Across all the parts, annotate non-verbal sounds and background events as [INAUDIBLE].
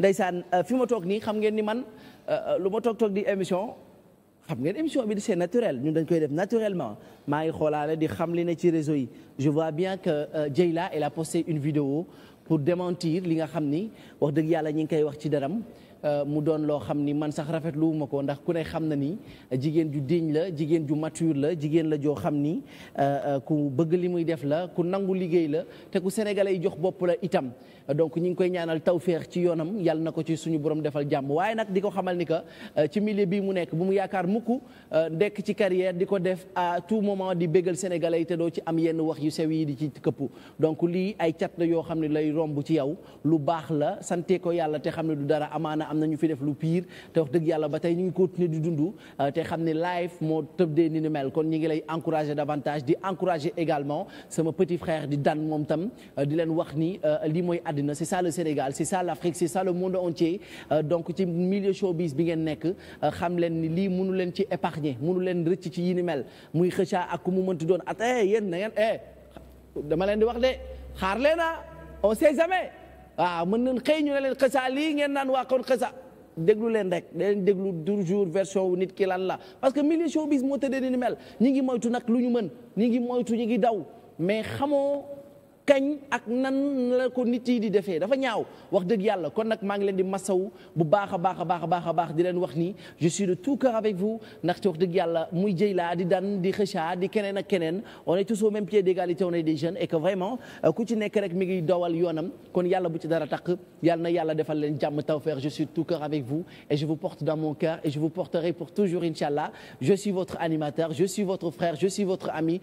ndeysaan euh, fi ma toog nii xam ngeen ni man euh, euh, lu ma toog toog di émission xam ngeen émission bi di c'est naturel ñun dañ koy def naturellement maa ngi xoolaale di xam li ne ci réseau yi je vois bien que Dieyla elle a posté une vidéo pour démentir li nga xam ni wax dëgg yàlla ñi ngi koy wax ci deram euh, mu doon loo xam ni man sax rafetlu wu ko ndax ku ne xam na ni jigéen ju diñ la jigéen ju mature la jigéen la joo xam ni euh, euh, ku bëgg li muy def la ku nangu liggéey la te ku sénégalais yi jox bopp la itam donc ñi ngi koy ñaanal tawféex ci yoonam yàlla na ko ci suñu borom defal jàmm waaye nag di ko xamal ni que ci milieu bii mu nekk bu mu yaakaar mukk ndekk ci carrière di ko def à tout moment di bégal sénégalais yi doo ci am yenn wax yu sew yi di ci romb ci yow lu baax la sante ko yàlla te xam ne du dara amaana am na ñu fi def lu pire te wax dëgg yàlla ba tey ñu ngi continuer di dund euh, te xam ne live moo tëbdee ni ni mel kon ñu ngi lay encourager davantage di encourager également sama petit frère di dan moom tam euh, di leen wax ni euh, lii mooy àddina c'est ça le Sénégal c'est ça l'Afrique c'est ça le monde entier donc ci milieu showbiz bi ngeen nekk xam leen ni lii mënu leen ci épargner mënu leen rëcc ci yi ni mel muy xëcca ak ku mu doon at eh, yéen na eh, on sait jamais waaw ah, mën nañ xëy ñu ne leen xësa lii ngeen naan waa kon xësa déglu leen rek da leen déglu toujours version wu nit ki lan la parce que milieu showbiz moo tëddee ni mel ñi ngi moytu nag lu ñu mën ñi ngi moytu ñi ngi daw mais xamoo kañ ak nan la ko nit yi di defee dafa ñaaw wax dëgg yàlla kon nag maa ngi leen di masaw bu baax a baax a baax baax a baax di leen wax ni je suis de tout cœur avec vous ndaxte wax dëgg yàlla muy jëy laa di dan di xëcha di keneen a keneen on est tous au même pied d'égalité on est des jeunes et que vraiment euh, ku ci nekk rek mi ngi dowal yoonam kon yàlla bu ci dara takk yàlla na yàlla defal leen jàmm taw je suis de tout cœur avec vous et je vous porte dans mon toujours inchallah je suis votre animateur je suis votre frère je suis votre ami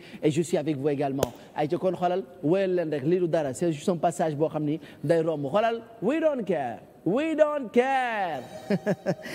rek lii du dara c'est juste un passage boo xam ni day romb xoolal we don't care we don't care [LAUGHS]